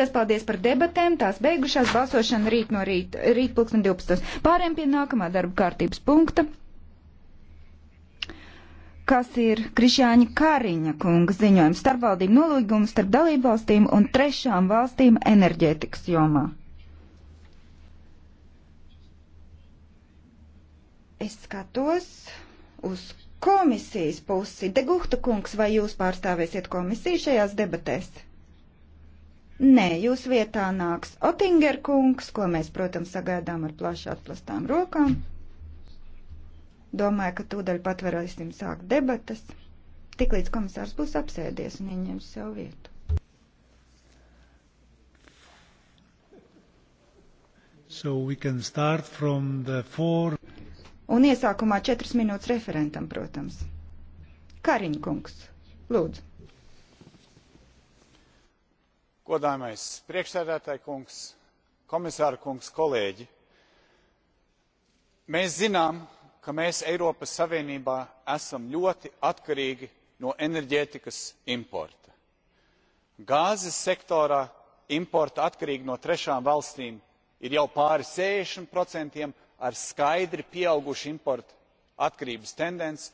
Liels paldies par debatēm, tās beigušās balsošana rīt no rīta, rīt pulksten 12. Pāriem pie nākamā darba kārtības punkta, kas ir Krišāņa Kāriņa kunga ziņojums starpvaldību nolīgumu starp dalībvalstīm un trešām valstīm enerģētikas jomā. Es skatos uz komisijas pusi. Degūhta kungs, vai jūs pārstāvēsiet komisiju šajās debatēs? Nē, jūs vietā nāks Otinger kungs, ko mēs, protams, sagaidām ar plaši atplastām rokām. Domāju, ka tūdaļ pat varēsim sākt debatas, tiklīdz komisārs būs apsēdies un ieņems savu vietu. So we can start from the four. Un iesākumā četras minūtes referentam, protams. Kariņkungs, lūdzu godājamais priekšsēdētāj kungs komisāra kungs kolēģi mēs zinām ka mēs eiropas savienībā esam ļoti atkarīgi no enerģētikas importa. gāzes sektorā importa atkarība no trešām valstīm ir jau pāri sešdesmit ar skaidri pieaugušu importa atkarības tendenci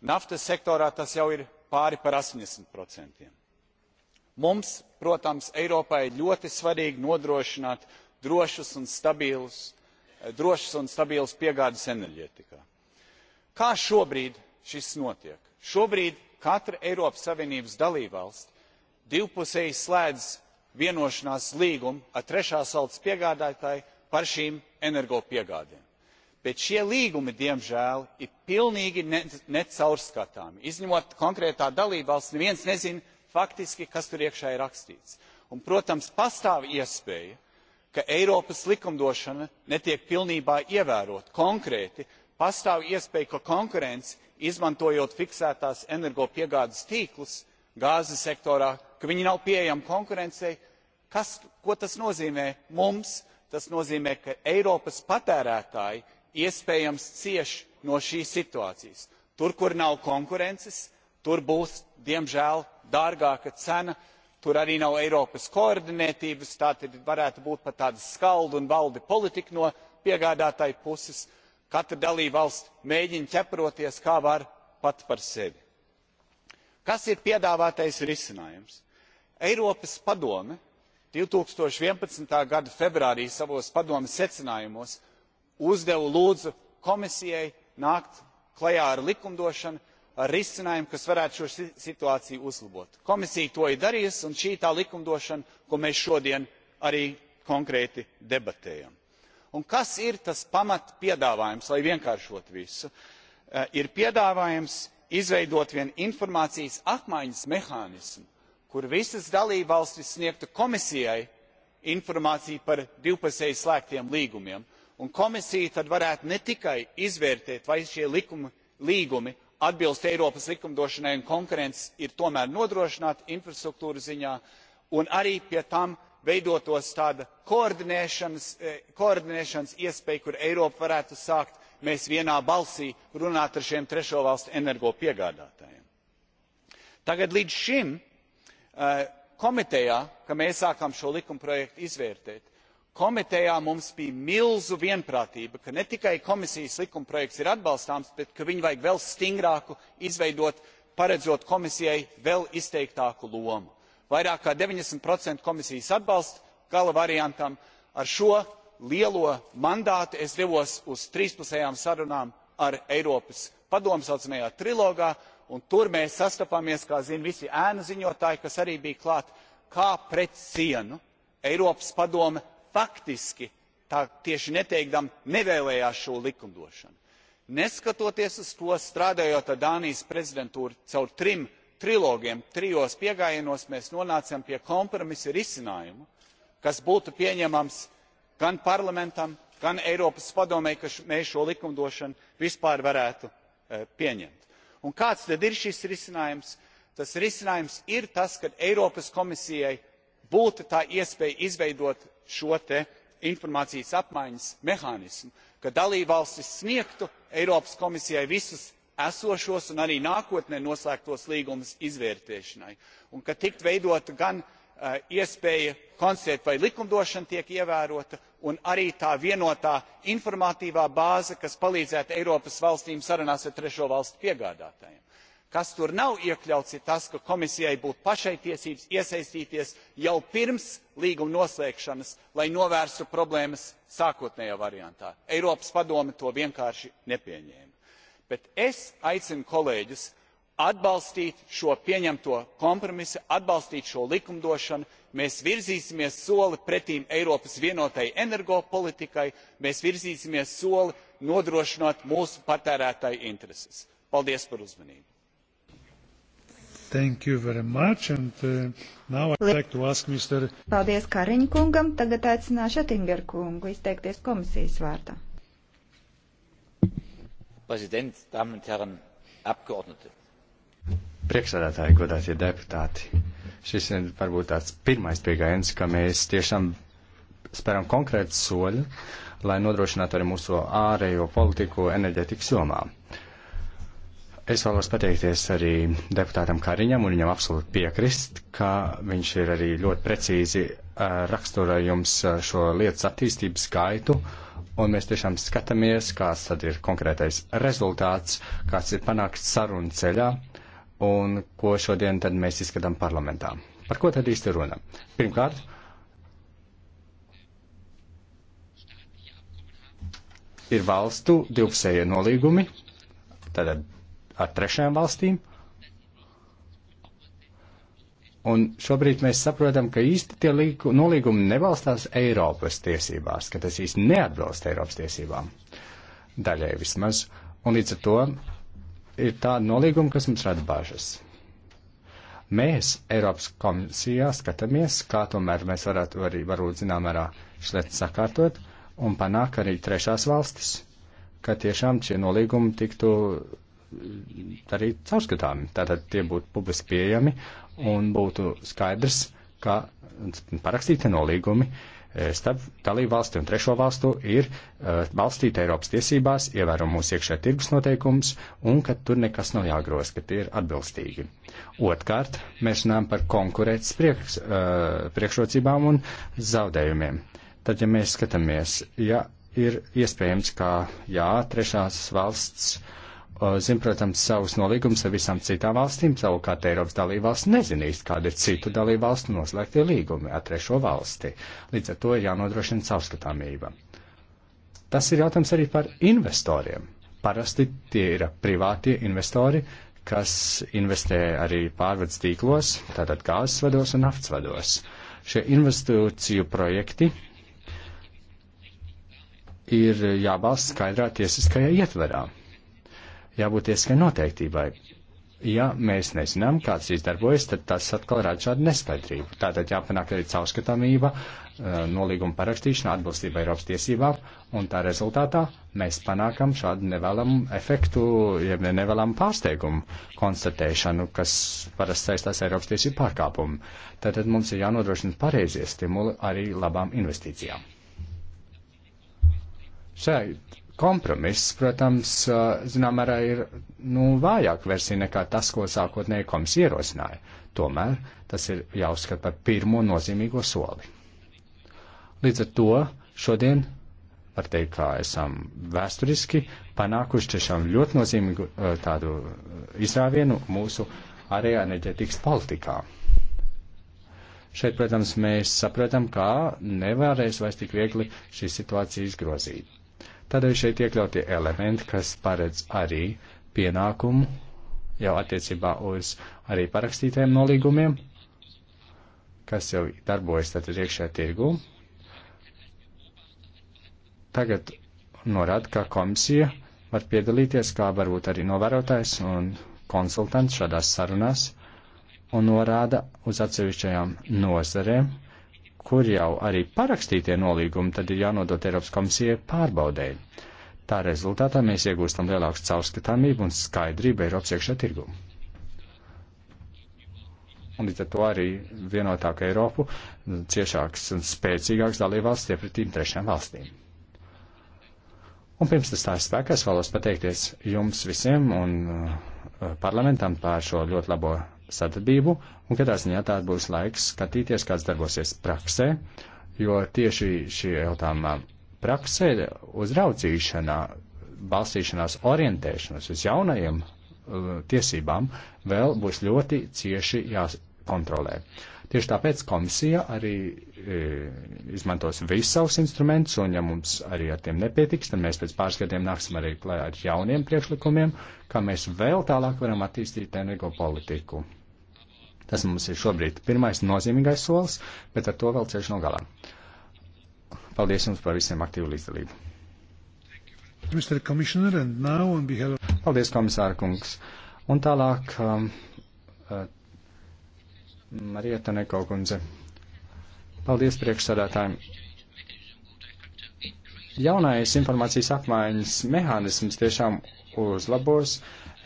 naftas sektorā tas jau ir pāri par astoņdesmit procentiem mums protams eiropai ir ļoti svarīgi nodrošināt drošus un stabilus eh, drošas un stabilas piegādes enerģētikā. Kā šobrīd šis notiek? Šobrīd katra Eiropas Savienības dalībvalsts divpusēji slēdz vienošanās līgumu ar trešās valsts piegādātāju par šīm energopiegādēm. Bet šie līgumi, diemžēl, ir pilnīgi ne, necaurskatāmi. Izņemot konkrētā dalībvalsts, neviens nezina, faktiski kas tur iekšā ir rakstīts. Un, protams pastāv iespēja ka eiropas likumdošana netiek pilnībā ievērota. konkrēti pastāv iespēja ka konkurence izmantojot fiksētās energopiegādes tīklus gāzes sektorā nav pieejama konkurencei. Kas, ko tas nozīmē mums? tas nozīmē ka eiropas patērētāji iespējams cieš no šīs situācijas. tur kur nav konkurences tur būs diemžēl dārgāka cena tur arī nav eiropas koordinētības tā tad varētu būt pat tāda skaldu un valdi politika no piegādātāju puses katra dalībvalsts mēģina ķeproties kā var pati par sevi. kas ir piedāvātais risinājums? eiropas padome two thousand and eleven gada februārī savos padomes secinājumos uzdeva lūdzu komisijai nākt klajā ar likumdošanu ar risinājumu kas varētu šo situāciju uzlabot. komisija to ir darījusi un šī ir tā likumdošana par ko mēs šodien arī konkrēti debatējam. Un kas ir tas pamatpiedāvājums lai vienkāršotu visu? Eh, ir piedāvājums izveidot vienu informācijas apmaiņas mehānismu kur visas dalībvalstis sniegtu komisijai informāciju par divpusēji slēgtiem līgumiem un komisija tad varētu ne tikai izvērtēt vai šie likumi, līgumi atbilst eiropas likumdošanai un konkurence ir tomēr nodrošināta infrastruktūras ziņā un arī pie tam veidotos tāda koordinēšanas, e, koordinēšanas iespēja kur eiropa varētu sākt mēs vienā balsī runāt ar šiem trešo valstu energopiegādātājiem. tagad līdz šim e, komitejā kad mēs sākām šo likumprojektu izvērtēt komitejā mums bija milzu vienprātība ka ne tikai komisijas likumprojekts ir atbalstāms bet ka viņu vajag vēl stingrāku izveidot paredzot komisijai vēl izteiktāku lomu. vairāk kā deviņdesmit komisijas atbalsts gala variantam ar šo lielo mandātu es devos uz trīspusējām sarunām ar eiropas padomi saucamajā trilogā un tur mēs sastapāmies kā zina visi ēnu ziņotāji kas arī bija klāt kā pret sienu eiropas padome faktiski tā tieši neteikdama nevēlējās šo likumdošanu. neskatoties uz to strādājot ar dānijas prezidentūru caur trim trilogiem trijos pieejienos mēs nonācām pie kompromisa risinājuma kas būtu pieņemams gan parlamentam gan eiropas padomei ka mēs šo likumdošanu vispār varētu e, pieņemt. un kāds tad ir šis risinājums? tas risinājums ir tas ka eiropas komisijai būtu tā iespēja izveidot šo informācijas apmaiņas mehānismu ka dalībvalstis sniegtu eiropas komisijai visus esošos un arī nākotnē noslēgtos līgumus izvērtēšanai un ka tiktu veidota gan eh, iespēja konstatēt vai likumdošana tiek ievērota un arī tā vienotā informatīvā bāze kas palīdzētu eiropas valstīm sarunās ar trešo valstu piegādātājiem kas tur nav iekļauts ir tas ka komisijai būtu pašai tiesības iesaistīties jau pirms līguma noslēgšanas lai novērstu problēmas sākotnējā variantā. eiropas padome to vienkārši nepieņēma. bet es aicinu kolēģus atbalstīt šo pieņemto kompromisu atbalstīt šo likumdošanu mēs virzīsimies soli pretī eiropas vienotajai energopolitikai mēs virzīsimies soli nodrošinot mūsu patērētāju intereses. paldies par uzmanību! Thank you very much. And uh, now I'd like to ask Mr. Paldies Kariņa kungam. Tagad aicināšu Atingeru kungu izteikties komisijas vārdā. Prezident, dāmas un herren, apgordnete. Priekšsēdētāji, godātie deputāti, šis ir varbūt tāds pirmais pieejams, ka mēs tiešām spēram konkrētu soļu, lai nodrošinātu arī mūsu ārējo politiku enerģetikas jomā. Es vēlos pateikties arī deputātam Kariņam un viņam absolūti piekrist, ka viņš ir arī ļoti precīzi raksturojums šo lietas attīstības gaitu, un mēs tiešām skatāmies, kāds tad ir konkrētais rezultāts, kāds ir panākts sarunu ceļā, un ko šodien tad mēs izskatām parlamentā. Par ko tad īsti runa? Pirmkārt, ir valstu divpusējie nolīgumi, tātad ar trešajām valstīm. Un šobrīd mēs saprotam, ka īsti tie līgu, nolīgumi nebalstās Eiropas tiesībās, ka tas īsti neatbilst Eiropas tiesībām. Daļai vismaz. Un līdz ar to ir tāda nolīguma, kas mums rada bažas. Mēs Eiropas komisijā skatāmies, kā tomēr mēs varētu arī, varbūt, zinām, arā šlēt sakārtot un panāk arī trešās valstis, ka tiešām šie nolīgumi tiktu darīt caurskatāmi. Tātad tie būtu publiski pieejami un būtu skaidrs, ka parakstīti nolīgumi eh, starp dalību valsti un trešo valstu ir eh, balstīti Eiropas tiesībās, ievēro mūsu iekšē tirgus noteikumus un ka tur nekas nav jāgroz, ka tie ir atbilstīgi. Otkārt, mēs runājam par konkurētas priekš, eh, priekšrocībām un zaudējumiem. Tad, ja mēs skatāmies, ja ir iespējams, ka jā, trešās valsts uh, zina, protams, savus nolīgumus ar visām citām valstīm, savukārt Eiropas dalībvalsts nezinīs, kāda ir citu dalībvalstu noslēgtie līgumi ar trešo valsti. Līdz ar to ir jānodrošina savskatāmība. Tas ir jautājums arī par investoriem. Parasti tie ir privātie investori, kas investē arī pārvades tīklos, tātad gāzes vados un nafts vados. Šie investīciju projekti ir jābalsta skaidrā tiesiskajā ietverā jābūt tieskai noteiktībai. Ja mēs nezinām, kāds izdarbojas, tad tas atkal rada šādu neskaidrību. Tātad jāpanāk arī caurskatāmība, eh, nolīguma parakstīšana, atbilstība Eiropas tiesībām, un tā rezultātā mēs panākam šādu nevēlamu efektu, jeb ja nevēlamu pārsteigumu konstatēšanu, kas parasti saistās Eiropas tiesību pārkāpumu. Tātad mums ir jānodrošina pareizie stimuli arī labām investīcijām. Šeit kompromiss, protams, zinām, arī ir nu, vājāk versija nekā tas, ko sākotnēji komisija ierosināja. Tomēr tas ir jāuzskata par pirmo nozīmīgo soli. Līdz ar to šodien var teikt, ka esam vēsturiski panākuši tiešām ļoti nozīmīgu tādu izrāvienu mūsu ārējā enerģetikas politikā. Šeit, protams, mēs saprotam, kā nevarēs vairs tik viegli šīs situācijas grozīt. Tādēļ šeit iekļautie elementi, kas paredz arī pienākumu jau attiecībā uz arī parakstītajiem nolīgumiem, kas jau darbojas tātad iekšē tirgū. Tagad norāda, ka komisija var piedalīties kā varbūt arī novērotājs un konsultants šādās sarunās un norāda uz atsevišķajām nozarēm kur jau arī parakstītie nolīgumi tad ir jānodot Eiropas komisijai pārbaudēji. Tā rezultātā mēs iegūstam lielāku caurskatāmību un skaidrību Eiropas iekšā tirgū. Un līdz ar to arī vienotāku Eiropu, ciešāks un spēcīgāks dalībvalsts iepratīm trešām valstīm. Un pirms tas tā spēkā es vēlos pateikties jums visiem un uh, parlamentam par šo ļoti labo sadarbību, un katrā ziņā tā būs laiks skatīties, kāds darbosies praksē, jo tieši šī jautājuma praksē uzraudzīšanā, balstīšanās orientēšanos uz jaunajiem uh, tiesībām vēl būs ļoti cieši jākontrolē. Tieši tāpēc komisija arī e, izmantos visus savus instrumentus, un ja mums arī ar tiem nepietiks, tad mēs pēc pāris gadiem nāksim arī klajā ar jauniem priekšlikumiem, kā mēs vēl tālāk varam attīstīt energo politiku. Tas mums ir šobrīd pirmais nozīmīgais solis, bet ar to vēl ceļš nav galā. Paldies jums par visiem aktīvu līdzdalību. Paldies, komisāra kungs. Un tālāk, um, uh, Marieta Neko kundze. Paldies priekšsādātājiem. Jaunais informācijas apmaiņas mehānisms tiešām uzlabos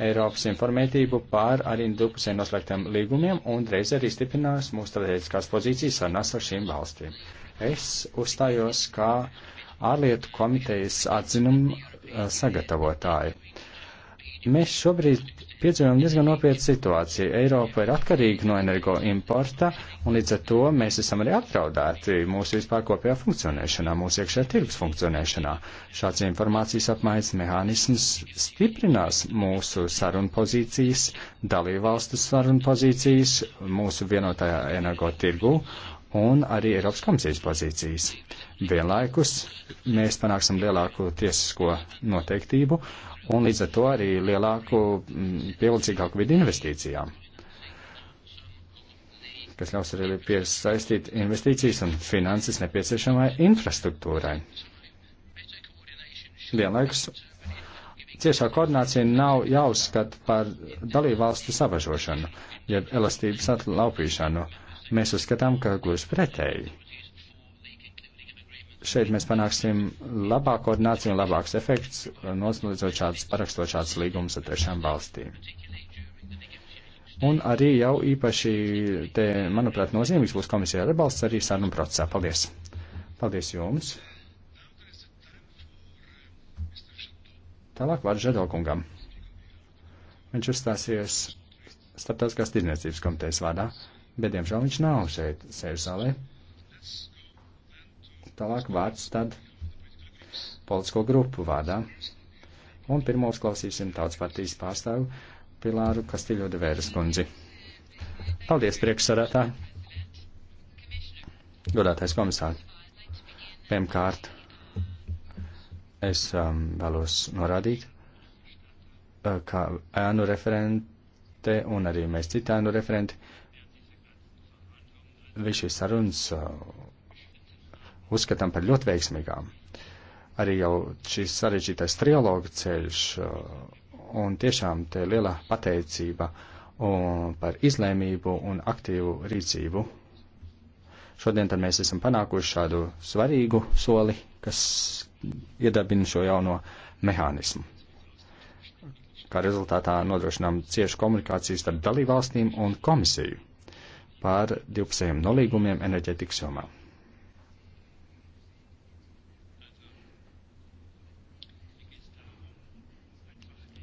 Eiropas informētību pār arī dupusē noslēgtiem līgumiem un reiz arī stiprinās mūsu strateģiskās pozīcijas sarunās ar šīm valstīm. Es uzstājos kā ārlietu komitejas atzinumu eh, sagatavotāji. Mēs šobrīd piedzīvojam diezgan nopietnu situāciju. Eiropa ir atkarīga no energo importa, un līdz ar to mēs esam arī apdraudēti mūsu vispār kopējā funkcionēšanā, mūsu iekšē tirgus funkcionēšanā. Šāds informācijas apmaiņas mehānisms stiprinās mūsu sarunu pozīcijas, dalībvalstu sarunu pozīcijas, mūsu vienotajā energo tirgu un arī Eiropas komisijas pozīcijas. Vienlaikus mēs panāksim lielāku tiesisko noteiktību un līdz ar to arī lielāku, mm, pievilcīgāku vidu investīcijām, kas ļaus arī piesaistīt investīcijas un finanses nepieciešamai infrastruktūrai. Vienlaikus ciešā koordinācija nav jāuzskata par dalībvalstu savažošanu, jeb elastības atlaupīšanu. Mēs uzskatām, ka gluži pretēji šeit mēs panāksim labāku koordināciju un labāks efekts, noslēdzot šādus parakstot šādus līgumus ar trešām valstīm. Un arī jau īpaši, te, manuprāt, nozīmīgs būs komisija atbalsts arī sarunu procesā. Paldies! Paldies jums! Tālāk vārds Žedokungam. Viņš uzstāsies starptautiskās tirdzniecības komitejas vārdā, bet, diemžēl, viņš nav šeit sēžu zālē. Tālāk vārds tad politisko grupu vārdā. Un pirmo uzklausīsim tautas partijas pārstāvu Pilāru Kastiļo de Vēras kundzi. Paldies, priekšsarētā. Godātais komisār. Pirmkārt, es um, vēlos norādīt, uh, kā ēnu referente un arī mēs citānu referenti. Viss šīs sarunas uh, uzskatām par ļoti veiksmīgām. Arī jau šis sarežģītais trialoga ceļš uh, un tiešām te liela pateicība uh, par izlēmību un aktīvu rīcību. Šodien tad mēs esam panākuši šādu svarīgu soli, kas iedarbina šo jauno mehānismu. Kā rezultātā nodrošinām ciešu komunikāciju starp dalībvalstīm un komisiju par divpusējiem nolīgumiem enerģētikas jomā.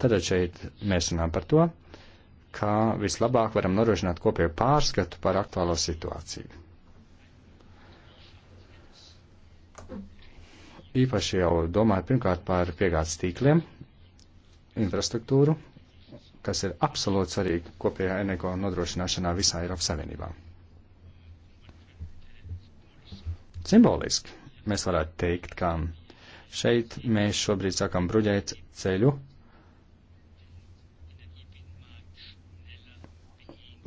Tad šeit mēs runājam par to, kā vislabāk varam norošināt kopēju pārskatu par aktuālo situāciju. Īpaši jau domāju pirmkārt par piegādes tīkliem, infrastruktūru, kas ir absolūti svarīgi kopējā energo nodrošināšanā visā Eiropas Savienībā. Simboliski mēs varētu teikt, ka šeit mēs šobrīd sākam bruģēt ceļu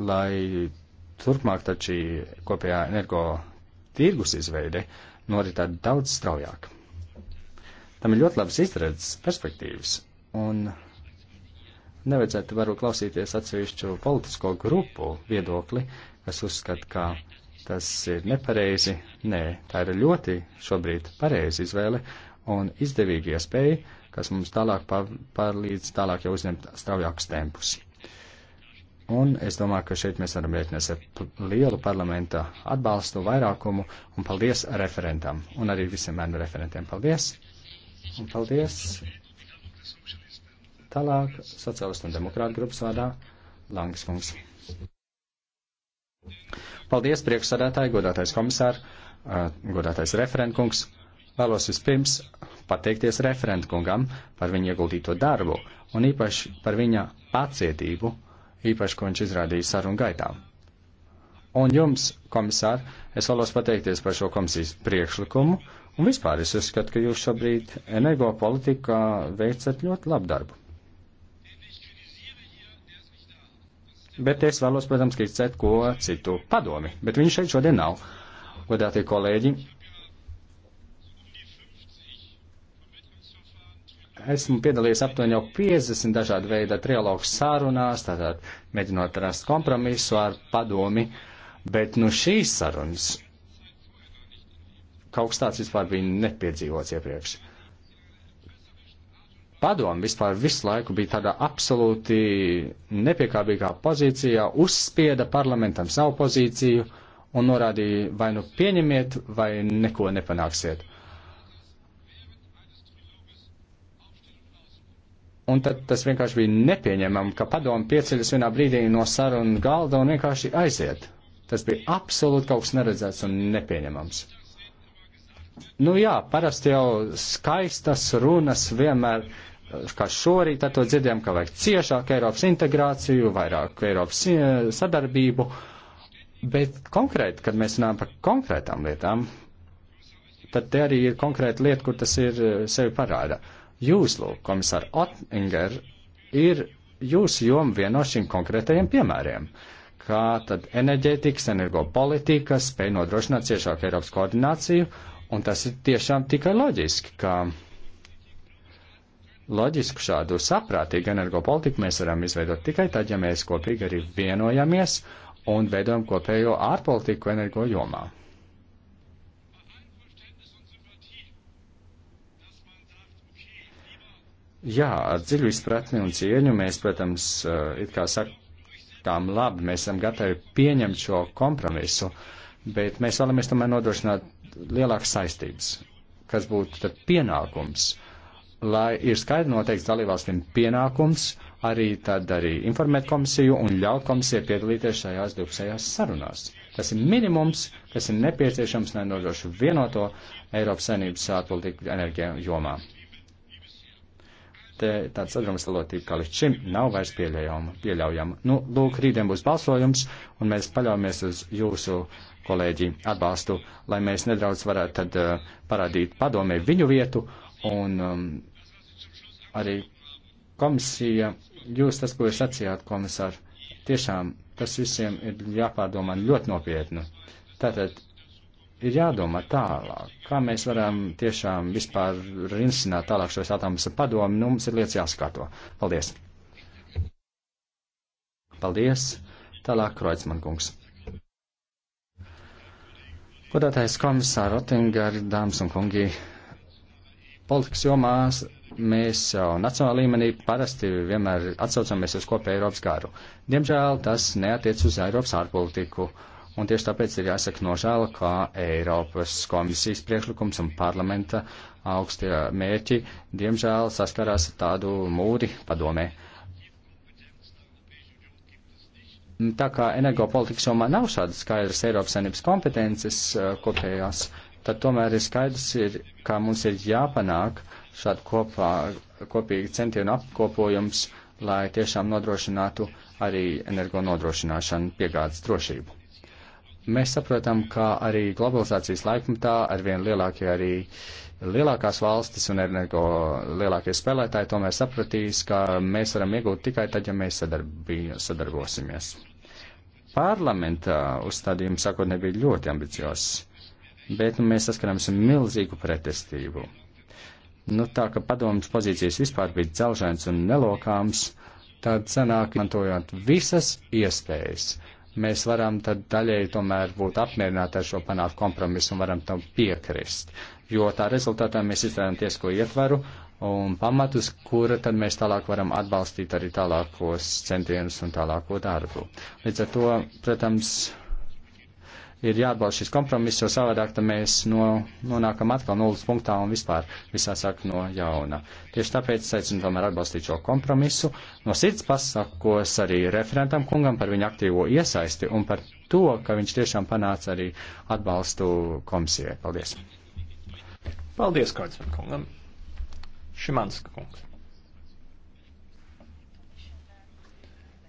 lai turpmāk taču kopējā energo tirgus izveide noritētu daudz straujāk. Tam ir ļoti labas izredzes perspektīvas, un nevajadzētu varu klausīties atsevišķu politisko grupu viedokli, kas uzskata, ka tas ir nepareizi. Nē, tā ir ļoti šobrīd pareiza izvēle un izdevīga iespēja, kas mums tālāk pārlīdz tālāk jau uzņemt straujākus tempus. Un es domāju, ka šeit mēs varam rēķinās ar lielu parlamenta atbalstu, vairākumu, un paldies referentam, un arī visiem mēnu referentiem. Paldies! Un paldies! Tālāk, sociālistu un demokrātu grupas vārdā, Langs kungs. Paldies, priekšsādātāji, godātais komisār, godātais referentkungs. Vēlos vispirms pateikties referentkungam par viņa ieguldīto darbu, un īpaši par viņa pacietību īpaši, ko viņš izrādīja sarunu gaitā. Un jums, komisār, es vēlos pateikties par šo komisijas priekšlikumu, un vispār es uzskatu, ka jūs šobrīd energo politikā veicat ļoti labu darbu. Bet es vēlos, protams, kritizēt ko citu padomi, bet viņš šeit šodien nav. Godātie kolēģi, esmu piedalījies aptuveni jau 50 dažādu veidu trialogu sārunās, tātad mēģinot rast kompromisu ar padomi, bet nu šīs sarunas kaut kas tāds vispār bija nepiedzīvots iepriekš. Padomi vispār visu laiku bija tādā absolūti nepiekāpīgā pozīcijā, uzspieda parlamentam savu pozīciju un norādīja vai nu pieņemiet, vai neko nepanāksiet. Un tad tas vienkārši bija nepieņemami, ka padomu pieceļas vienā brīdī no sarunu galda un vienkārši aiziet. Tas bija absolūti kaut kas neredzēts un nepieņemams. Nu jā, parasti jau skaistas runas vienmēr, kā šorīt, tad to dzirdējām, ka vajag ciešāku Eiropas integrāciju, vairāk Eiropas e, sadarbību, bet konkrēti, kad mēs runājam par konkrētām lietām, tad te arī ir konkrēta lieta, kur tas ir e, sevi parāda. Uh, Jūs, lūk, komisār Ottinger, ir jūsu joma vieno šiem konkrētajiem piemēriem, kā tad enerģētikas, energopolitika spēj nodrošināt ciešāku Eiropas koordināciju, un tas ir tiešām tikai loģiski, ka loģisku šādu saprātīgu energopolitiku mēs varam izveidot tikai tad, ja mēs kopīgi arī vienojamies un veidojam kopējo ārpolitiku energo jomā. Jā, ar dziļu izpratni un cieņu mēs, protams, eh, it kā sakām, labi, mēs esam gatavi pieņemt šo kompromisu, bet mēs vēlamies tomēr nodrošināt lielākas saistības, kas būtu tad pienākums, lai ir skaidri noteikts dalībvalstīm pienākums arī tad arī informēt komisiju un ļaut komisijai piedalīties šajās divpusējās sarunās. Tas ir minimums, kas ir nepieciešams, lai nodrošu vienoto Eiropas saimnības ārpolitiku enerģijā jomā te tāds sadrumstalotība kā līdz šim nav vairs pieļaujama. pieļaujama. Nu, lūk, rītdien būs balsojums, un mēs paļaujamies uz jūsu kolēģi atbalstu, lai mēs nedaudz varētu tad uh, parādīt padomē viņu vietu, un um, arī komisija, jūs tas, ko jūs sacījāt, komisār, tiešām tas visiem ir jāpārdomā ļoti nopietni. Tātad ir jādomā tālāk, kā mēs varam tiešām vispār rinsināt tālāk šos jautājumus ar padomu, nu mums ir lietas jāskato. Paldies! Paldies! Tālāk Kroicman kungs. Godātais komisār Otingari, dāmas un kungi, politikas jomās mēs jau nacionālā līmenī parasti vienmēr atsaucamies uz kopēju Eiropas garu. Diemžēl tas neatiec uz Eiropas ārpolitiku. Uh, Un tieši tāpēc ir jāsaka nožēla, kā Eiropas komisijas priekšlikums un parlamenta augstie mērķi, diemžēl saskarās ar tādu mūri padomē. Tā kā energopolitikas jomā nav šādas skaidras Eiropas saimnības kompetences eh, kopējās, tad tomēr ir skaidrs, ir, kā mums ir jāpanāk šādu kopā, kopīgu centienu apkopojums, lai tiešām nodrošinātu arī energo nodrošināšanu piegādes drošību. Mēs saprotam, ka arī globalizācijas laikmetā arvien lielākie arī lielākās valstis un energo lielākie spēlētāji tomēr sapratīs, ka mēs varam iegūt tikai tad, ja mēs sadarbī, sadarbosimies. Parlamenta uzstādījums sakot nebija ļoti ambiciozs, bet nu, mēs saskaramies ar milzīgu pretestību. Nu, tā kā padomas pozīcijas vispār bija dzelžains un nelokāms, tad sanāk, mantojot visas iespējas mēs varam tad daļēji tomēr būt apmierināti ar šo panākt kompromisu un varam tam piekrist. Jo tā rezultātā mēs izstrādājam tiesko ietvaru un pamatus, kura tad mēs tālāk varam atbalstīt arī tālākos centienus un tālāko darbu. Līdz ar to, protams, ir jāatbalsta šis kompromiss, jo savādāk tam mēs no, nonākam atkal nulles punktā un vispār visā sāk no jauna. Tieši tāpēc aicinu tomēr atbalstīt šo kompromisu. No sirds pasakos arī referentam kungam par viņa aktīvo iesaisti un par to, ka viņš tiešām panāca arī atbalstu komisijai. Paldies! Paldies, Kārdzim kungam! Šimanska kungs!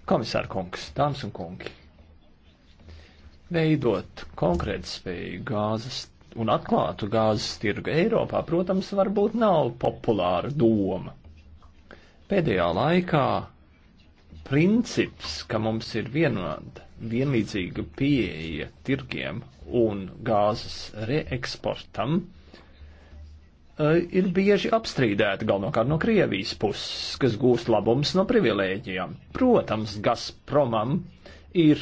Komisāra kungs, dāmas un kungi! veidot konkrēti spēju gāzes un atklātu gāzes tirgu Eiropā, protams, varbūt nav populāra doma. Pēdējā laikā princips, ka mums ir vienāda, vienlīdzīga pieeja tirgiem un gāzes reeksportam, eh, ir bieži apstrīdēta galvenokārt no Krievijas puses, kas gūst labums no privilēģijām. Protams, Gazpromam ir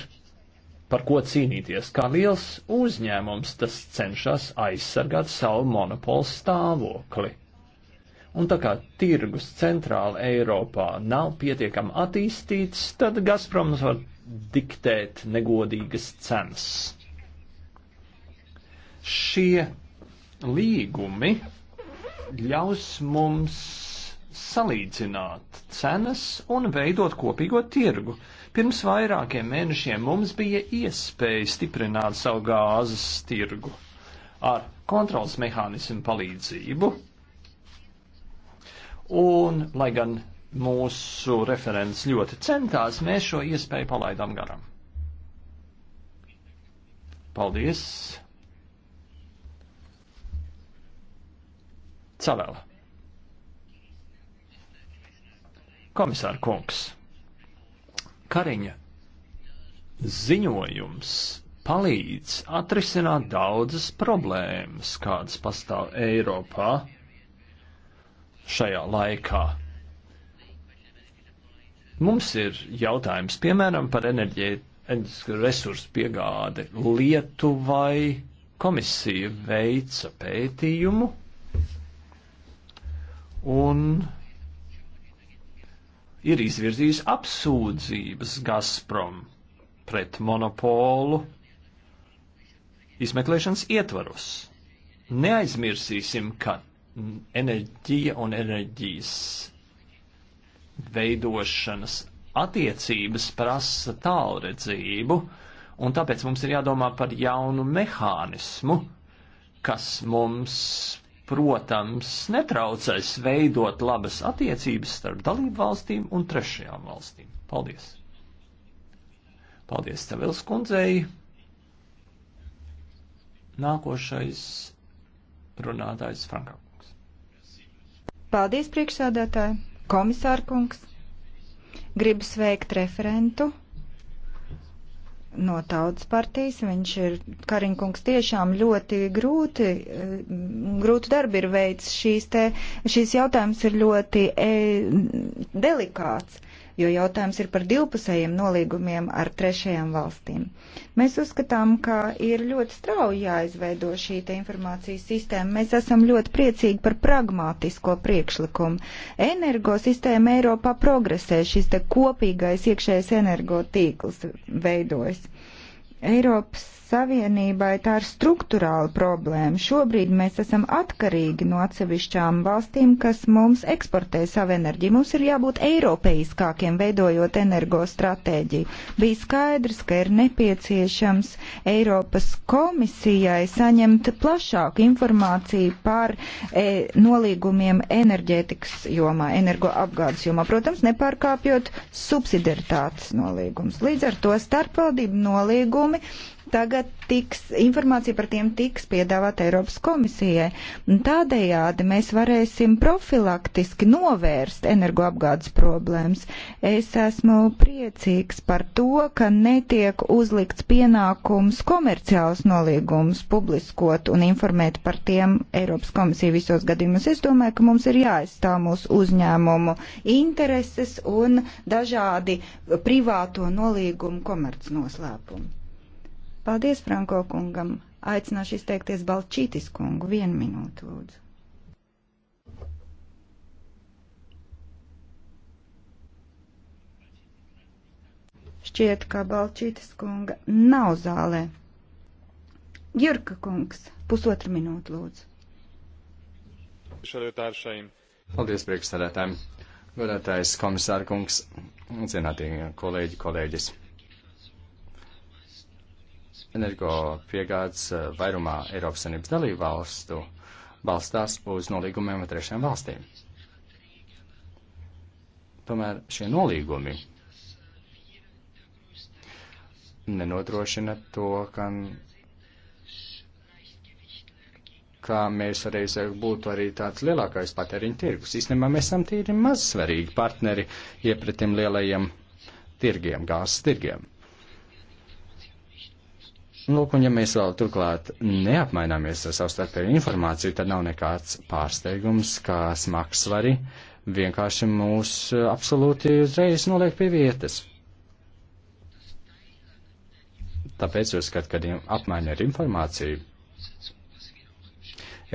par ko cīnīties. Kā liels uzņēmums tas cenšas aizsargāt savu monopolu stāvokli. Un tā kā tirgus centrāla Eiropā nav pietiekami attīstīts, tad Gazproms var diktēt negodīgas cenas. Šie līgumi ļaus mums salīdzināt cenas un veidot kopīgo tirgu. Pirms vairākiem mēnešiem mums bija iespēja stiprināt savu gāzes tirgu ar kontrols mehānismu palīdzību. Un, lai gan mūsu referents ļoti centās, mēs šo iespēju palaidām garām. Paldies! Cavēla. Komisāra kungs. Kariņa ziņojums palīdz atrisināt daudzas problēmas, kādas pastāv Eiropā šajā laikā. Mums ir jautājums, piemēram, par enerģētisku resursu piegādi. Lietuvai komisija veica pētījumu un ir izvirzījis apsūdzības Gazprom pret monopolu izmeklēšanas ietvaros. Neaizmirsīsim, ka enerģija un enerģijas veidošanas attiecības prasa tālredzību, un tāpēc mums ir jādomā par jaunu mehānismu, kas mums protams, netraucēs veidot labas attiecības starp dalību valstīm un trešajām valstīm. Paldies! Paldies Tevils kundzei! Nākošais runātājs Frankakungs. Paldies, priekšsādātāji, komisārkungs! Gribu sveikt referentu no tautas partijas. Viņš ir Kariņkungs tiešām ļoti grūti, eh, grūti darbi ir veids. Šīs te, šīs jautājums ir ļoti e, delikāts jo jautājums ir par divpusējiem nolīgumiem ar trešajām valstīm. Mēs uzskatām, ka ir ļoti strauji jāizveido šī informācijas sistēma. Mēs esam ļoti priecīgi par pragmātisko priekšlikumu. Energosistēma Eiropā progresē, šis te kopīgais iekšējais energotīkls veidojas. Eiropas Savienībai tā ir struktūrāla problēma. Šobrīd mēs esam atkarīgi no atsevišķām valstīm, kas mums eksportē savu enerģiju. Mums ir jābūt eiropeiskākiem, veidojot energostratēģiju. Bija skaidrs, ka ir nepieciešams Eiropas komisijai saņemt plašāku informāciju par e, nolīgumiem enerģētikas jomā, energoapgādes jomā, protams, nepārkāpjot subsidiaritātes nolīgumus. Līdz ar to starpvaldību nolīgumi Tagad tiks, informācija par tiem tiks piedāvāta Eiropas komisijai. Tādējādi mēs varēsim profilaktiski novērst energoapgādes problēmas. Es esmu priecīgs par to, ka netiek uzlikts pienākums komerciāls nolīgums publiskot un informēt par tiem Eiropas komisiju visos gadījumos. Es domāju, ka mums ir jāaizstāv mūsu uzņēmumu intereses un dažādi privāto nolīgumu komercnoslēpumi. Paldies Franko kungam. Aicināšu izteikties Balčītis kungu. Vienu minūtu, lūdzu. Šķiet, ka Balčītis kunga nav zālē. Jurka kungs, pusotra minūte, lūdzu. Paldies, priekšsēdētājiem. Godātais komisāra kungs, cienātie kolēģi, kolēģis energopiegādes eh, vairumā Eiropas Savienības dalību valstu balstās uz nolīgumiem ar trešām valstīm. Tomēr šie nolīgumi nenodrošina to, ka, ka mēs arī būtu arī tāds lielākais patēriņu tirgus. Īstenībā mēs esam tīri mazsvarīgi partneri iepretim lielajiem tirgiem, gāzes tirgiem. Lūk, un ja mēs vēl turklāt neapmaināmies ar savstarpēju informāciju, tad nav nekāds pārsteigums, kā smagsvari vienkārši mūs absolūti uzreiz noliek pie vietas. Tāpēc uzskat, ka apmaiņa ar informāciju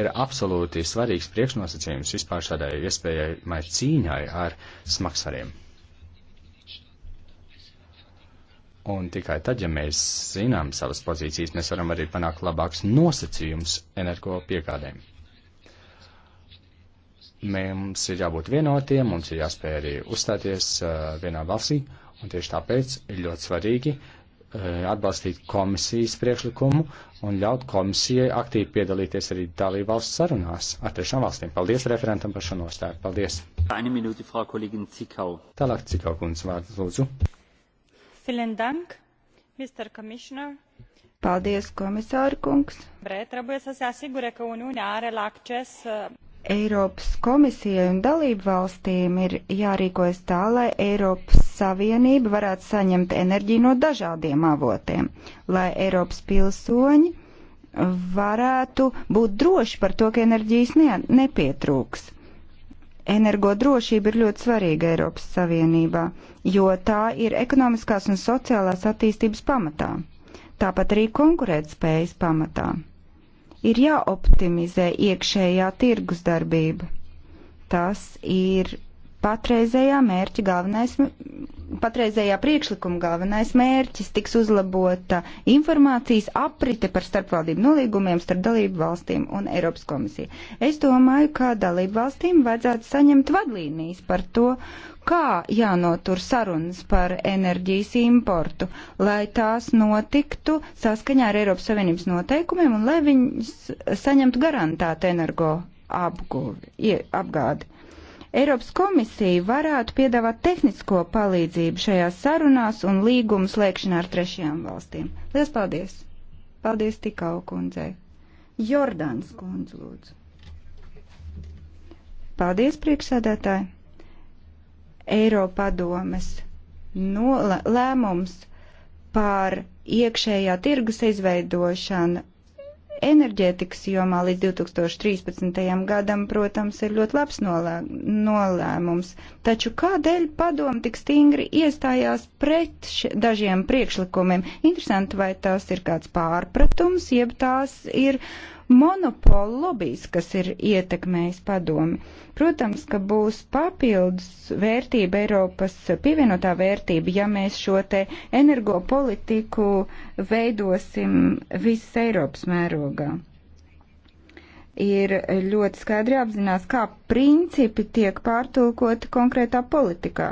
ir absolūti svarīgs priekšnosacījums vispār šādai iespējai cīņai ar smagsvariem. Un tikai tad, ja mēs zinām savas pozīcijas, mēs varam arī panākt labāks nosacījums energo piegādēm. Mums ir jābūt vienotiem, mums ir jāspēj arī uzstāties uh, vienā balsī, un tieši tāpēc ir ļoti svarīgi uh, atbalstīt komisijas priekšlikumu un ļaut komisijai aktīvi piedalīties arī dalībvalsts sarunās ar trešām valstīm. Paldies referentam par šo nostāju. Paldies. Minūti, Tālāk Cikau kundze vārds lūdzu. Paldies, komisāra kungs. Uh, Eiropas komisijai un dalību valstīm ir jārīkojas tā, lai Eiropas Savienība varētu saņemt enerģiju no dažādiem avotiem, lai Eiropas pilsoņi varētu būt droši par to, ka enerģijas ne, nepietrūks. Energodrošība ir ļoti svarīga Eiropas Savienībā, jo tā ir ekonomiskās un sociālās attīstības pamatā, tāpat arī konkurētspējas pamatā. Ir jāoptimizē iekšējā tirgus darbība. Tas ir patreizējā mērķa galvenais, patreizējā priekšlikuma galvenais mērķis tiks uzlabota informācijas aprite par starpvaldību nolīgumiem starp dalību valstīm un Eiropas komisiju. Es domāju, ka dalību valstīm vajadzētu saņemt vadlīnijas par to, kā jānotur sarunas par enerģijas importu, lai tās notiktu saskaņā ar Eiropas Savienības noteikumiem un lai viņas saņemtu garantētu energo apguvi, apgādi. Eiropas komisija varētu piedāvāt tehnisko palīdzību šajās sarunās un līgumu slēgšanā ar trešajām valstīm. Lielas paldies! Paldies tikau kundzei! Jordāns kundze lūdzu. Paldies, priekšsēdētāji. Eiropadomes no, lēmums par iekšējā tirgus izveidošanu Enerģētikas jomā līdz 2013. gadam, protams, ir ļoti labs nolē, nolēmums, taču kādēļ padomu tik stingri iestājās pret še, dažiem priekšlikumiem? Interesanti, vai tas ir kāds pārpratums, jeb tās ir monopolu lobijs, kas ir ietekmējis padomi. Protams, ka būs papildus vērtība Eiropas pievienotā vērtība, ja mēs šo te energopolitiku veidosim visas Eiropas mērogā. Ir ļoti skaidri apzinās, kā principi tiek pārtulkoti konkrētā politikā.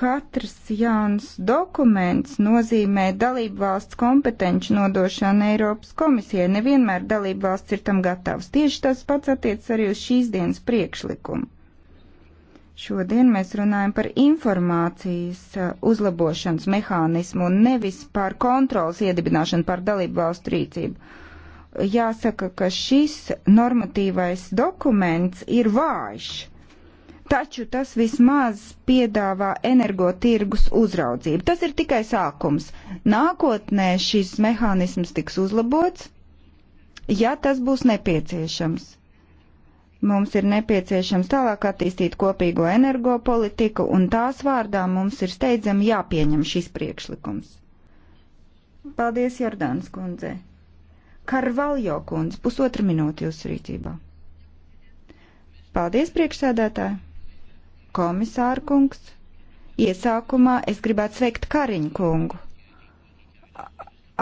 Katrs jauns dokuments nozīmē dalību valsts kompetenci nodošanu Eiropas komisijai. Nevienmēr dalību valsts ir tam gatavs. Tieši tas pats attiec arī uz šīs dienas priekšlikumu. Šodien mēs runājam par informācijas uh, uzlabošanas mehānismu un nevis par kontrolas iedibināšanu par dalību valstu rīcību jāsaka, ka šis normatīvais dokuments ir vājš taču tas vismaz piedāvā energotirgus uzraudzību. Tas ir tikai sākums. Nākotnē šis mehānisms tiks uzlabots, ja tas būs nepieciešams. Mums ir nepieciešams tālāk attīstīt kopīgo energopolitiku, un tās vārdā mums ir steidzami jāpieņem šis priekšlikums. Paldies, Jordāns kundze. Karvaljo kundze, pusotra minūte jūsu rīcībā. Paldies, priekšsēdētāji! komisārkungs, iesākumā es gribētu sveikt Kariņu kungu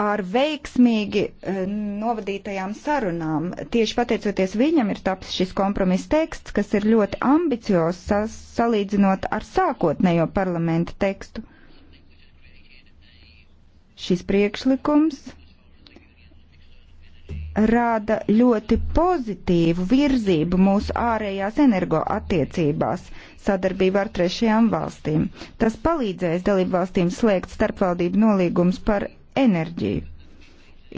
ar veiksmīgi eh, novadītajām sarunām. Tieši pateicoties viņam ir taps šis kompromiss teksts, kas ir ļoti ambiciozs salīdzinot ar sākotnējo parlamenta tekstu. Šis priekšlikums rada ļoti pozitīvu virzību mūsu ārējās energoattiecībās sadarbībā ar trešajām valstīm. Tas palīdzēs dalību valstīm slēgt starpvaldību nolīgums par enerģiju.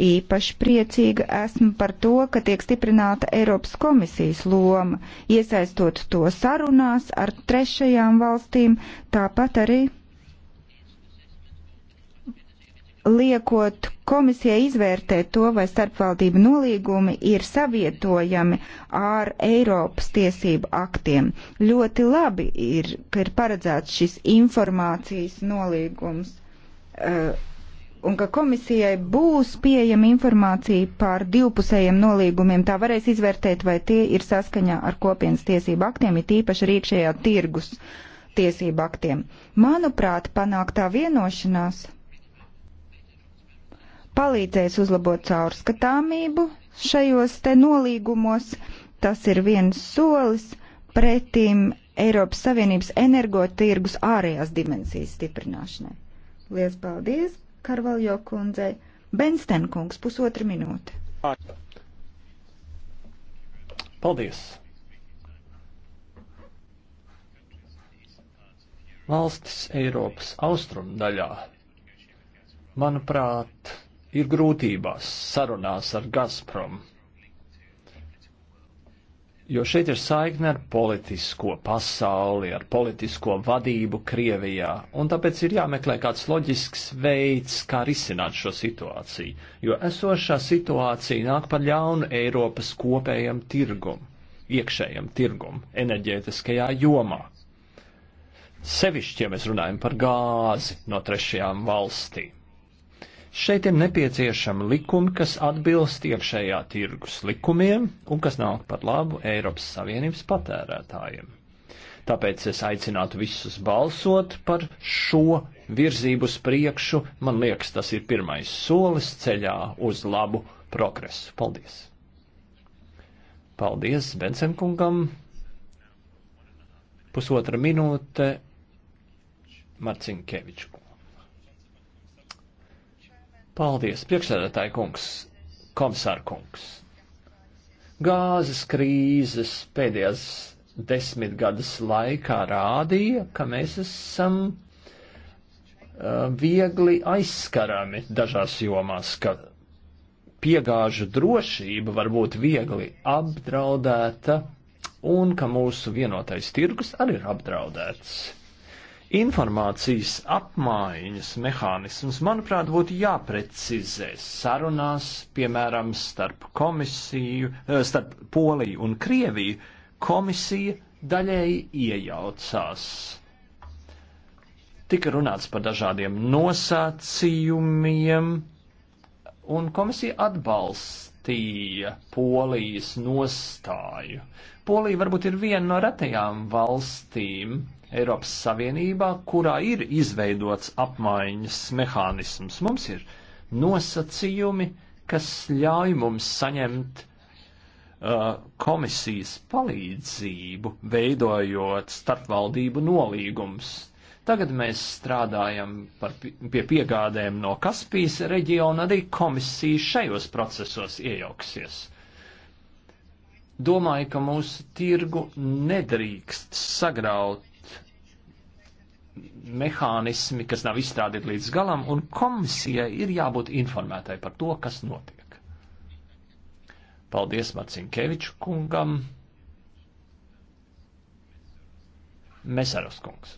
Īpaši priecīga esmu par to, ka tiek stiprināta Eiropas komisijas loma, iesaistot to sarunās ar trešajām valstīm, tāpat arī liekot komisijai izvērtēt to, vai starpvaldību nolīgumi ir savietojami ar Eiropas tiesību aktiem. Ļoti labi ir, ka ir paredzēts šis informācijas nolīgums. Uh, un ka komisijai būs pieejama informācija par divpusējiem nolīgumiem. Tā varēs izvērtēt, vai tie ir saskaņā ar kopienas tiesību aktiem, ir tīpaši ar iekšējā tirgus tiesību aktiem. Manuprāt, panāktā vienošanās palīdzēs uzlabot caurskatāmību šajos te nolīgumos. Tas ir viens solis pretim Eiropas Savienības energotirgus ārējās dimensijas stiprināšanai. Lielas paldies, Karvaljo kundzei. Benstenkungs, pusotra minūte. Paldies! Valstis Eiropas austrumdaļā, manuprāt, ir grūtībās sarunās ar Gazprom, jo šeit ir saikne ar politisko pasauli, ar politisko vadību Krievijā, un tāpēc ir jāmeklē kāds loģisks veids, kā risināt šo situāciju, jo esošā situācija nāk par ļaunu Eiropas kopējam tirgum, iekšējam tirgum, enerģētiskajā jomā. Sevišķi, ja mēs runājam par gāzi no trešajām valstīm. Šeit ir nepieciešami likumi, kas atbilst iekšējā tirgus likumiem un kas nāk par labu Eiropas Savienības patērētājiem. Tāpēc es aicinātu visus balsot par šo virzību uz priekšu. Man liekas, tas ir pirmais solis ceļā uz labu progresu. Paldies! Paldies Bensenkungam! Pusotra minūte Marcinkeviču. Paldies, priekšsēdētāji kungs, komisāra kungs. Gāzes krīzes pēdējās desmitgades laikā rādīja, ka mēs esam viegli aizskarami dažās jomās, ka piegāžu drošība var būt viegli apdraudēta un ka mūsu vienotais tirgus arī ir apdraudēts informācijas apmaiņas mehānisms, manuprāt, būtu jāprecizē sarunās, piemēram, starp komisiju, eh, starp Poliju un Krieviju. Komisija daļēji iejaucās. Tika runāts par dažādiem nosacījumiem, un komisija atbalstīja Polijas nostāju. Polija varbūt ir viena no retajām valstīm, Eiropas Savienībā, kurā ir izveidots apmaiņas mehānisms. Mums ir nosacījumi, kas ļauj mums saņemt uh, komisijas palīdzību, veidojot starpvaldību nolīgums. Tagad mēs strādājam par, pie piegādēm no Kaspijas reģiona, arī komisija šajos procesos iejauksies. Domāju, ka mūsu tirgu nedrīkst sagraut mehānismi, kas nav izstrādīti līdz galam, un komisijai ir jābūt informētai par to, kas notiek. Paldies Marcinkeviču kungam. Mesaros kungs.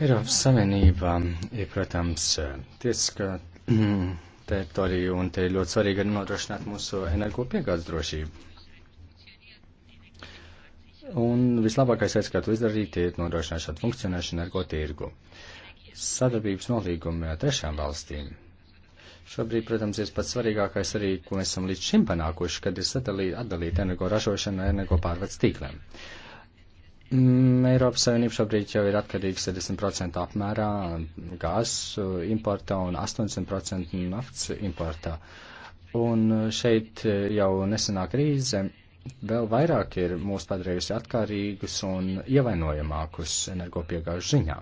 Eiropas Savienībā ir, protams, tiesiskā teritorija, un te ir ļoti svarīgi arī nodrošināt mūsu energo piegādes drošību. Un vislabākais veids, kā to izdarīt, ir nodrošināt šādu funkcionēšanu ergo tirgu. Sadarbības nolīgumi ar trešām valstīm. Šobrīd, protams, ir pats svarīgākais arī, ko mēs esam līdz šim panākuši, kad ir sadalīta atdalīta energo ražošana no energo pārvades tīkliem. Mm, Eiropas Savienība šobrīd jau ir atkarīga 70% apmērā gāzes importa un 80% naftas importa. Un šeit jau nesenā krīze vēl vairāk ir mūs padarījusi atkarīgus un ievainojamākus energopiegāžu ziņā.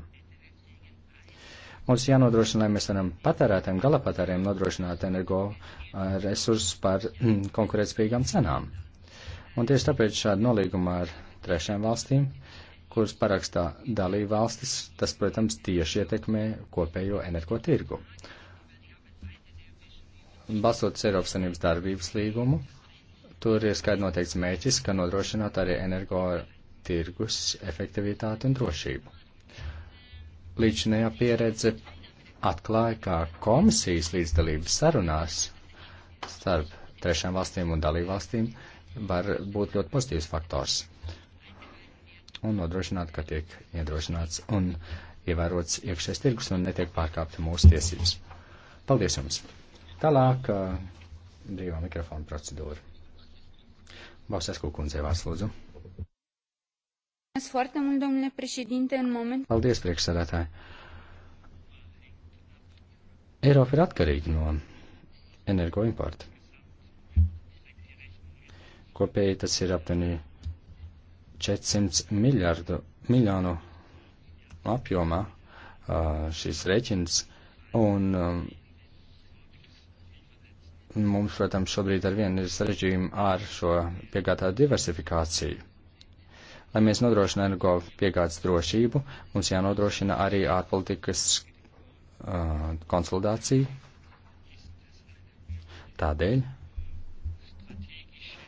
Mums jānodrošina, lai mēs varam patērētiem, galapatēriem nodrošināt energo resursus par mm, konkurētspējīgām cenām. Un tieši tāpēc šāda nolīguma ar trešajām valstīm, kuras parakstā dalība valstis, tas, protams, tieši ietekmē kopējo energo tirgu. Balstoties Eiropas Savienības darbības līgumu, Tur ir skaidri noteikts mērķis, ka nodrošināt arī energo tirgus efektivitāti un drošību. Līdzinējā pieredze atklāja, ka komisijas līdzdalības sarunās starp trešām valstīm un dalībvalstīm var būt ļoti pozitīvs faktors un nodrošināt, ka tiek iedrošināts un ievērots iekšējais tirgus un netiek pārkāpta mūsu tiesības. Paldies jums! Tālāk brīvā mikrofona procedūra. Bausesku kundzei vārds lūdzu. Paldies, priekšsēdētāji. Eiropa ir atkarīga no energoimporta. Kopēji tas ir aptuveni 400 miljardu, miljonu apjomā šīs rēķins, un Mums, protams, šobrīd ar vienu ir sarežģījumi ar šo piegādātāju diversifikāciju. Lai mēs nodrošinātu energo piegādes drošību, mums jānodrošina arī ārpolitikas uh, konsolidācija. Tādēļ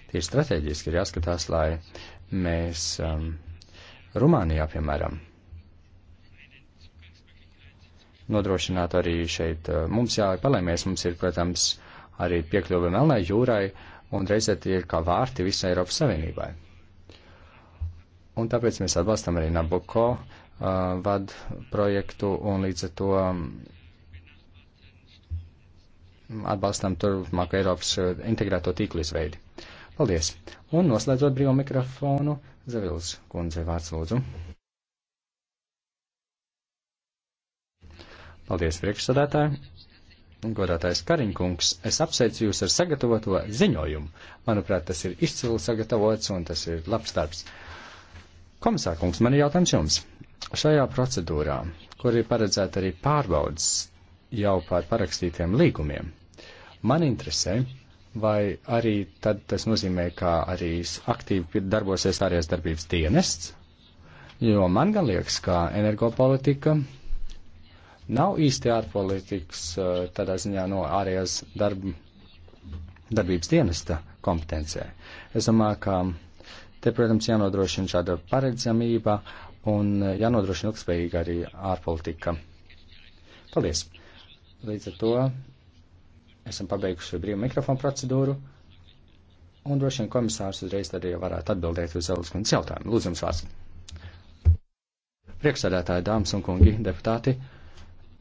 tīri strateģiski ir jāskatās, lai mēs um, Rumānijā, piemēram, nodrošinātu arī šeit. Uh, mums jāpalēmies, mums ir, protams, arī piekļuve Melnai jūrai un reizē tie ir kā vārti visai Eiropas Savienībai. Un tāpēc mēs atbalstam arī Nabuko uh, vadu projektu un līdz ar to um, atbalstam turpmāk Eiropas uh, integrēto tīklu izveidi. Paldies! Un noslēdzot brīvo mikrofonu, Zavils kundze vārds lūdzu. Paldies, priekšsādātāji! Godātais Kariņkungs, es apsveicu jūs ar sagatavoto ziņojumu. Manuprāt, tas ir izcili sagatavots un tas ir labs darbs. Komisārkungs, man ir jautājums jums. Šajā procedūrā, kur ir paredzēta arī pārbaudas jau pār parakstītiem līgumiem, man interesē, vai arī tad tas nozīmē, ka arī aktīvi darbosies ārējās darbības dienests, jo man gan liekas, ka energopolitika Nav īsti ārpolitikas eh, tādā ziņā no ārējās darb, darbības dienesta kompetencē. Es domāju, ka te, protams, jānodrošina šāda paredzamība un jānodrošina ilgspējīga arī ārpolitika. Paldies! Līdz ar to esam pabeiguši brīvu mikrofonu procedūru. Un droši vien komisārs uzreiz arī varētu atbildēt uz Zeles kundzes jautājumu. Lūdzu, jums vārds. Priekšsēdētāji, dāmas un kungi, deputāti.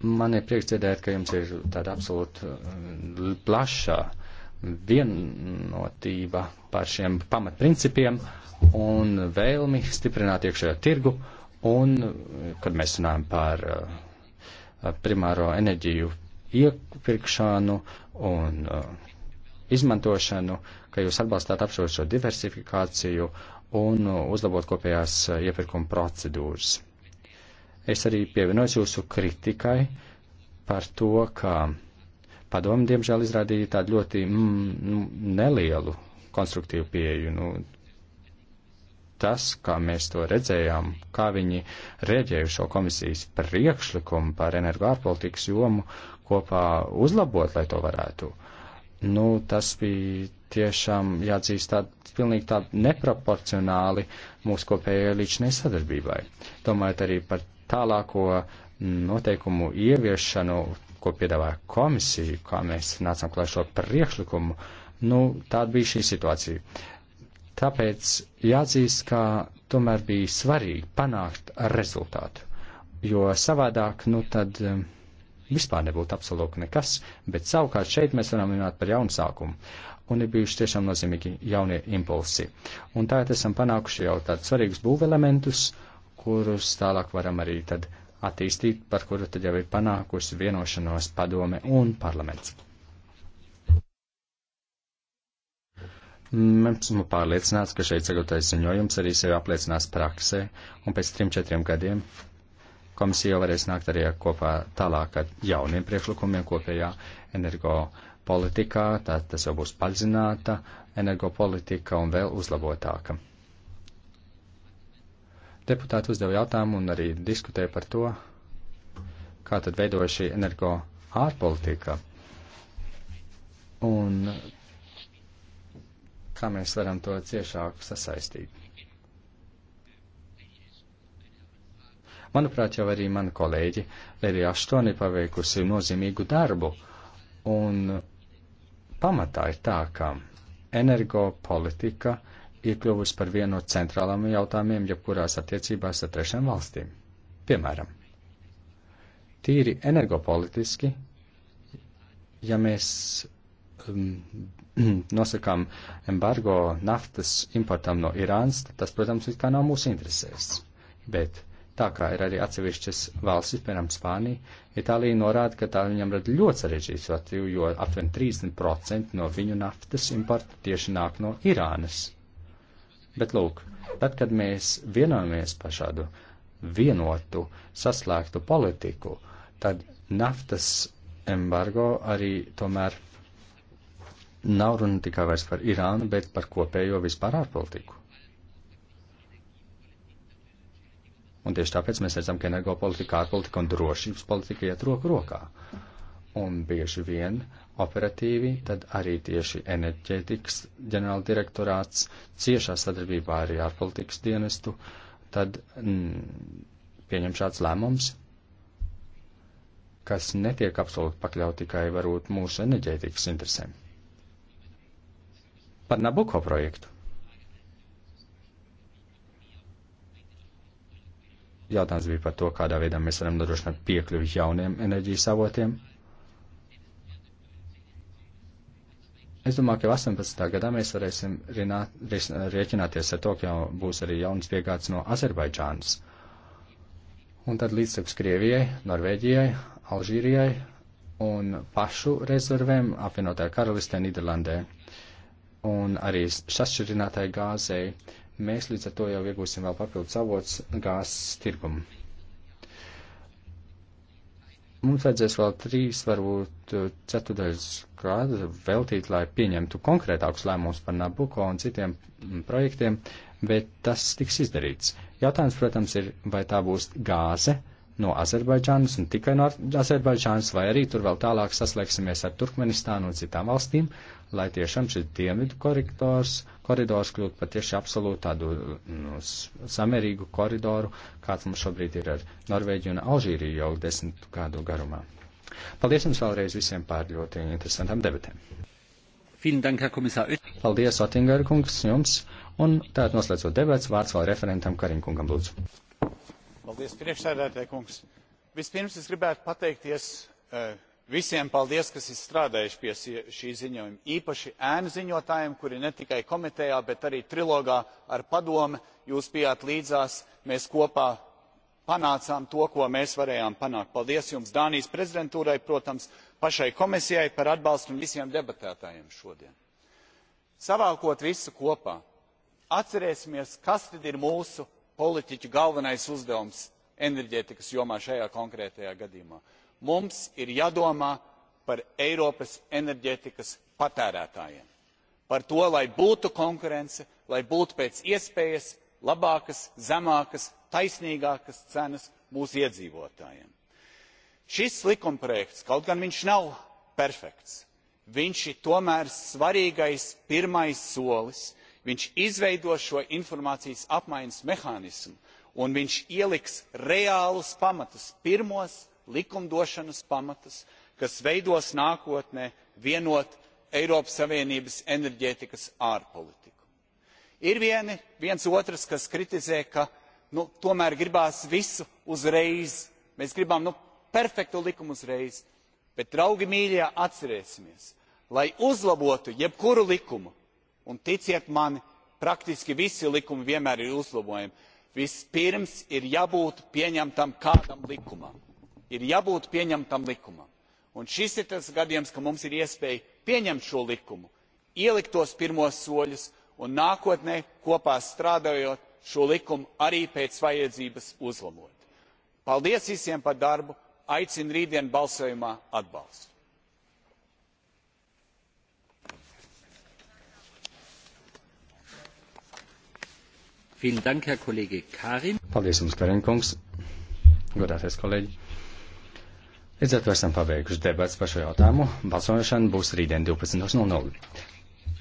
Man ir prieks dzirdēt, ka jums ir tāda absolūta uh, plaša vienotība par šiem pamatprincipiem un vēlmi stiprināt iekšējo tirgu. Un, uh, kad mēs runājam par uh, primāro enerģiju iepirkšanu un izmantošanu, ka jūs atbalstāt apšaušo diversifikāciju un uzlabot kopējās iepirkuma procedūras. Es arī pievienojos jūsu kritikai par to, ka padomu, diemžēl, izrādīja tādu ļoti mm, nu, nelielu konstruktīvu pieeju. Nu, tas, kā mēs to redzējām, kā viņi rēģēja šo komisijas priekšlikumu par energoārpolitikas jomu kopā uzlabot, lai to varētu. Nu, tas bija tiešām jāatzīst tādu pilnīgi tādu neproporcionāli mūsu kopējai līdzinai sadarbībai. Domājot arī par tālāko noteikumu ieviešanu, ko piedāvāja komisija, kā mēs nācām klāt šo priekšlikumu, nu, tāda bija šī situācija. Tāpēc jāatzīst, ka tomēr bija svarīgi panākt rezultātu, jo savādāk, nu, tad um, vispār nebūtu absolūti nekas, bet savukārt šeit mēs varam runāt par jaunu sākumu. Un ir bijuši tiešām nozīmīgi jaunie impulsi. Un tā, esam panākuši jau tādus svarīgus būvelementus, uh, kurus tālāk varam arī tad attīstīt, par kuru tad jau ir panākusi vienošanos padome un parlaments. Mm, Esmu pārliecināts, ka šeit sagatavotais ziņojums arī sevi apliecinās praksē, un pēc trim, četriem gadiem komisija jau varēs nākt arī kopā tālāk ar jauniem priekšlikumiem kopējā energo politikā, tā tas jau būs padzināta energopolitika un vēl uzlabotāka. Deputāti uzdeva jautājumu un arī diskutēja par to, kā tad veidoja šī energo ārpolitika. Un kā mēs varam to ciešāk sasaistīt. Manuprāt, jau arī mani kolēģi, Lērija Aštoni, paveikusi nozīmīgu darbu, un pamatā ir tā, ka energopolitika ir kļuvusi par vienu no centrālām jautājumiem jebkurās attiecībās ar trešām valstīm. Piemēram, tīri energopolitiski, ja mēs um, nosakām embargo naftas importam no Irānas, tad tas, protams, it kā nav mūsu interesēs. Bet tā kā ir arī atsevišķas valstis, piemēram, Spānija, Itālija norāda, ka tā viņam rada ļoti sarežģītu situāciju, jo aptuveni 30% no viņu naftas importa tieši nāk no Irānas. Bet lūk, tad, kad mēs vienojamies par šādu vienotu, saslēgtu politiku, tad naftas embargo arī tomēr nav runa tikai vairs par Irānu, bet par kopējo vispār ārpolitiku. Un tieši tāpēc mēs redzam, ka energopolitika, ārpolitika un drošības politika iet roku rokā. Uh, un bieži vien operatīvi, tad arī tieši enerģētikas ģenerāldirektorāts ciešā sadarbībā arī ar politikas dienestu, tad mm, pieņem šāds lēmums, kas netiek absolūti pakļaut tikai varbūt mūsu enerģētikas interesēm. Par Nabuko projektu. Jautājums bija par to, kādā veidā mēs varam nodrošināt piekļuvi jauniem enerģijas avotiem. Es domāju, ka 18. gadā mēs varēsim rināt, ris, rieķināties ar to, ka jau būs arī jauns piegāds no Azerbaidžānas. Un tad līdztekus Krievijai, Norvēģijai, Alžīrijai un pašu rezervēm apvienotā karalistē Nīderlandē un arī sašķirinātai gāzei. Mēs līdz ar to jau iegūsim vēl papildus avots gāzes tirgumu. Mums vajadzēs vēl trīs, varbūt ceturdaļas kad veltīt, lai pieņemtu konkrētākus lēmumus par Nabuko un citiem mm, projektiem, bet tas tiks izdarīts. Jautājums, protams, ir, vai tā būs gāze no Azerbaidžānas un tikai no Azerbaidžānas, vai arī tur vēl tālāk saslēgsimies ar Turkmenistānu un citām valstīm, lai tiešām šis dienvidu koridors, koridors kļūtu patieši absolūti tādu nu, samērīgu koridoru, kāds mums šobrīd ir ar Norvēģiju un Alžīriju jau desmit gadu garumā. Paldies jums vēlreiz visiem par ļoti interesantām debatēm. Paldies, Otingara kungs, jums. Un tātad noslēdzot debats, vārds vēl referentam Kariņkungam lūdzu. Paldies, priekšsēdētāji kungs. Vispirms es gribētu pateikties uh, visiem paldies kas ir strādājuši pie šī ziņojuma īpaši ēnu ziņotājiem kuri ne tikai komitejā bet arī trilogā ar padomi jūs bijāt līdzās mēs kopā panācām to ko mēs varējām panākt. paldies jums dānijas prezidentūrai protams pašai komisijai par atbalstu un visiem debatētājiem šodien. savākot visu kopā atcerēsimies kas tad ir mūsu politiķu galvenais uzdevums enerģētikas jomā šajā konkrētajā gadījumā. mums ir jādomā par eiropas enerģētikas patērētājiem par to lai būtu konkurence lai būtu pēc iespējas labākas zemākas taisnīgākas cenas mūsu iedzīvotājiem. šis likumprojekts kaut gan viņš nav perfekts viņš ir tomēr svarīgais pirmais solis viņš izveido šo informācijas apmaiņas mehānismu un viņš ieliks reālus pamatus pirmos likumdošanas pamatus kas veidos nākotnē vienotu eiropas savienības enerģētikas ārpolitiku ir vieni, viens otrs, kas kritizē, ka nu, tomēr gribās visu uzreiz. Mēs gribam nu, perfektu likumu uzreiz. Bet, draugi mīļie, atcerēsimies, lai uzlabotu jebkuru likumu, un ticiet man, praktiski visi likumi vienmēr ir uzlabojami, vispirms ir jābūt pieņemtam kādam likumam. Ir jābūt pieņemtam likumam. Un šis ir tas gadījums, ka mums ir iespēja pieņemt šo likumu, ielikt tos pirmos soļus, un nākotnē kopā strādājot šo likumu arī pēc vajadzības uzlabot. Paldies visiem par darbu, aicinu rītdien balsojumā atbalstu. Dank, Herr Kollege Karim. Paldies jums, Karinkungs, godātais kolēģi. Līdz ar to esam pabeiguši debats par šo jautājumu. Balsošana būs rītdien 12.00.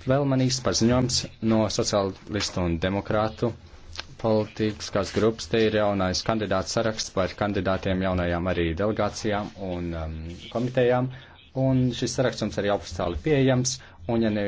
Vēl man īsts paziņojums no sociālistu un demokrātu politiskās grupas. Te ir jaunais kandidāts saraksts par kandidātiem jaunajām arī delegācijām un um, komitejām. Un šis saraksts jums arī oficiāli pieejams. Un, ja ne,